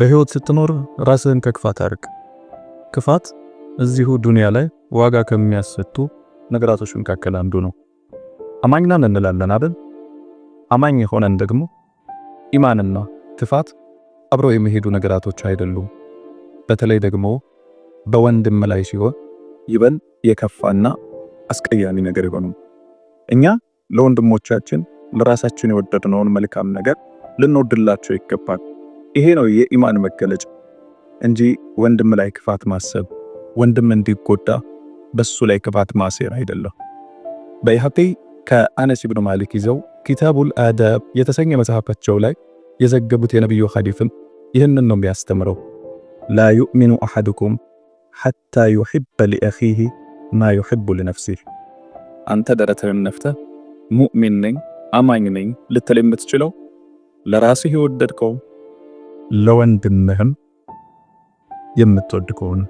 በህይወት ስትኖር ራስህን ከክፋት አርቅ። ክፋት እዚሁ ዱንያ ላይ ዋጋ ከሚያሰጡ ነገራቶች መካከል አንዱ ነው። አማኝ ነን እንላለን አይደል? አማኝ የሆነን ደግሞ ኢማንና ክፋት አብረው የሚሄዱ ነገራቶች አይደሉም። በተለይ ደግሞ በወንድም ላይ ሲሆን ይበል የከፋና አስቀያሚ ነገር ይሆኑ። እኛ ለወንድሞቻችን ለራሳችን የወደድነውን መልካም ነገር ልንወድላቸው ይገባል። ይሄ ነው የኢማን መገለጫ እንጂ ወንድም ላይ ክፋት ማሰብ፣ ወንድም እንዲጎዳ በሱ ላይ ክፋት ማሴር አይደለም። በይሐቂ ከአነስ ኢብኑ ማሊክ ይዘው ኪታቡል አዳብ የተሰኘ መጽሐፋቸው ላይ የዘገቡት የነቢዩ ሐዲፍም ይህንን ነው የሚያስተምረው። ላ ዩእሚኑ አሐድኩም ሐታ ዩሕበ ሊአኺህ ማ ዩሕቡ ሊነፍሲህ። አንተ ደረትህን ነፍተህ ሙእሚን ነኝ አማኝ ነኝ ልትል የምትችለው ለራስህ ለወንድምህም የምትወድ ከሆነ